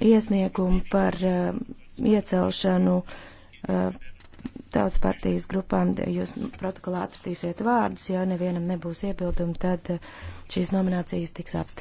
iesniegumu par uh, iecelšanu uh, tautas partijas grupām. Jūs protokolā atradīsiet vārdus, ja nevienam nebūs iebildumi, tad uh, šīs nominācijas tiks apstiprinātas.